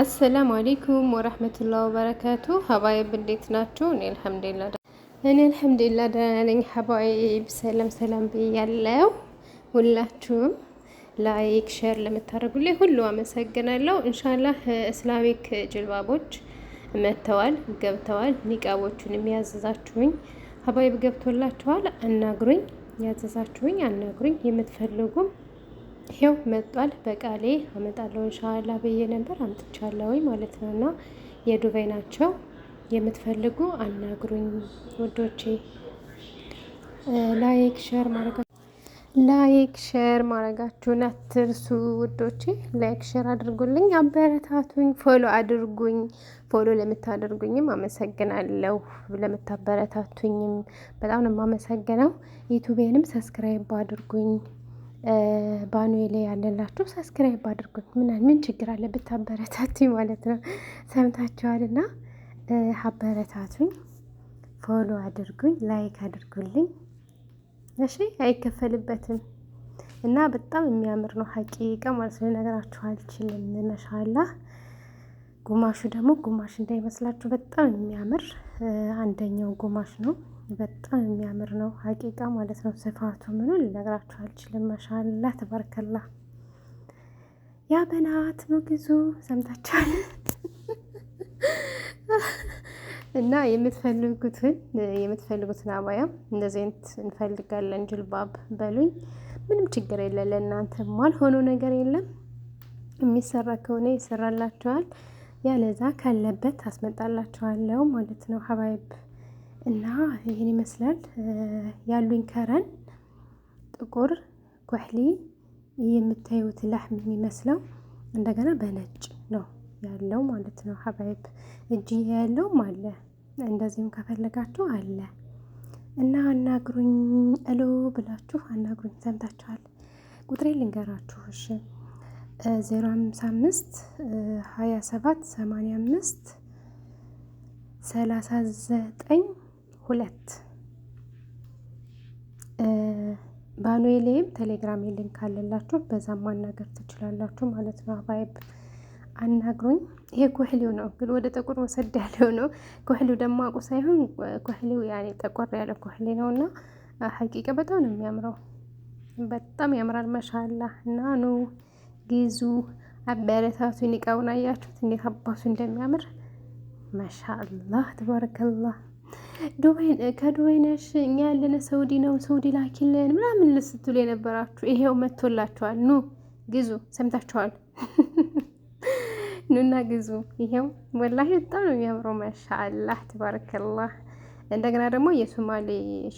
አሰላሙ አሌይኩም ወረህመቱላህ ወበረካቱ ሀባይብ እንዴት ናችሁ? እኔ አልሐምዱላ እኔ አልሐምዱላ ደህና ነኝ። ሀባይብ ሰላም ሰላም ብያለው። ሁላችሁም ላይክ ሸር ለምታደርጉልኝ ሁሉ አመሰግናለሁ። እንሻላህ እስላሚክ ጅልባቦች መጥተዋል ገብተዋል። ኒቃቦቹን የሚያዘዛችሁኝ ሀባይብ ገብቶላችኋል። አናግሩኝ፣ ያዘዛችሁኝ አናግሩኝ። የምትፈልጉም ይኸው መጧል። በቃሌ አመጣለሁ እንሻላ ብዬ ነበር አምጥቻለሁ ማለት ነው። እና የዱባይ ናቸው የምትፈልጉ አናግሩኝ ውዶቼ። ላይክ ሸር ማድረጋ ላይክ ሸር ማድረጋችሁን አትርሱ ውዶቼ። ላይክ ሸር አድርጉልኝ፣ አበረታቱኝ፣ ፎሎ አድርጉኝ። ፎሎ ለምታደርጉኝም አመሰግናለሁ፣ ለምታበረታቱኝም በጣም ነው የማመሰግነው። ዩቱቤንም ሰብስክራይብ አድርጉኝ። ባኑዌ ላይ ያለላችሁ ሰብስክራይብ አድርጉት። ምናል ምን ችግር አለ ብታበረታቱኝ ማለት ነው። ሰምታችኋልና አበረታቱኝ፣ ፎሎ አድርጉኝ፣ ላይክ አድርጉልኝ። እሺ አይከፈልበትም እና በጣም የሚያምር ነው ሀቂቃ ማለት ነገራችሁ አልችልም ጉማሹ ደግሞ ጉማሽ እንዳይመስላችሁ በጣም የሚያምር አንደኛው ጉማሽ ነው። በጣም የሚያምር ነው ሀቂቃ ማለት ነው። ስፋቱ ምኑ ልነግራችሁ አልችልም። መሻላ ተባርከላ። ያ በናት ነው ግዙ ሰምታችኋል። እና የምትፈልጉትን የምትፈልጉትን አባያ እንደዚህ አይነት እንፈልጋለን ጅልባብ በሉኝ፣ ምንም ችግር የለ። ለእናንተ ማልሆነው ነገር የለም። የሚሰራ ከሆነ ይሰራላችኋል። ያለዛ ካለበት ታስመጣላችኋለሁ ማለት ነው ሀባይብ እና ይህን ይመስላል ያሉኝ ከረን ጥቁር ኩሕሊ የምታዩት ላህም የሚመስለው እንደገና በነጭ ነው ያለው ማለት ነው ሀባይብ እጅ ያለውም አለ እንደዚሁም ከፈለጋችሁ አለ እና አናግሩኝ እሎ ብላችሁ አናግሩኝ ሰምታችኋል ቁጥሬ ልንገራችሁ እሺ ዜሮ ሃምሳ አምስት ሀያ ሰባት ሰማንያ አምስት ሰላሳ ዘጠኝ ሁለት ባኖሌም ቴሌግራም ሊንክ አለላችሁ በዛም ማናገር ትችላላችሁ ማለት ነው። አባይብ አናግሩኝ። ይሄ ኮህሊው ነው ግን ወደ ጥቁር ወሰድ ያለው ነው። ኮህሊው ደማቁ ሳይሆን ኮህሊው ያኔ ጠቆር ያለ ኮህሊ ነው እና ሀቂቀ በጣም ነው የሚያምረው። በጣም ያምራል። መሻላ እና ኑ ግዙ፣ አበረታቱን። እቃውን አያችሁት እንዴት አባቱ እንደሚያምር ማሻአላህ ተባረከላህ። ከዱባይ ነሽ እኛ ያለነ ሰውዲ ነው ሰውዲ ላኪልን ምናምን ልስትሉ የነበራችሁ ይሄው መጥቶላችኋል። ኑ ግዙ፣ ሰምታችኋል። ኑና ግዙ። ይሄው ወላሂ በጣም ነው የሚያምረው። ማሻአላህ ተባረከላህ። እንደገና ደግሞ የሶማሌ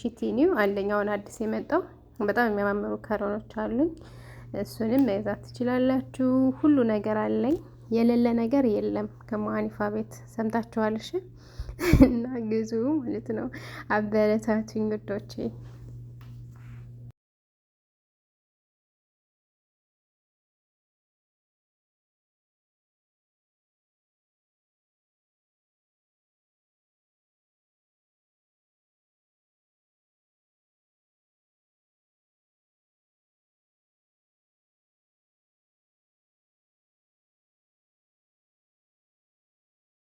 ሽቲኒው አንደኛውን አዲስ የመጣው በጣም የሚያማምሩ ከረኖች አሉኝ። እሱንም መግዛት ትችላላችሁ። ሁሉ ነገር አለኝ፣ የሌለ ነገር የለም። ከማኒፋ ቤት ሰምታችኋል እሺ። እና ግዙ ማለት ነው። አበረታቱኝ ወዶቼ።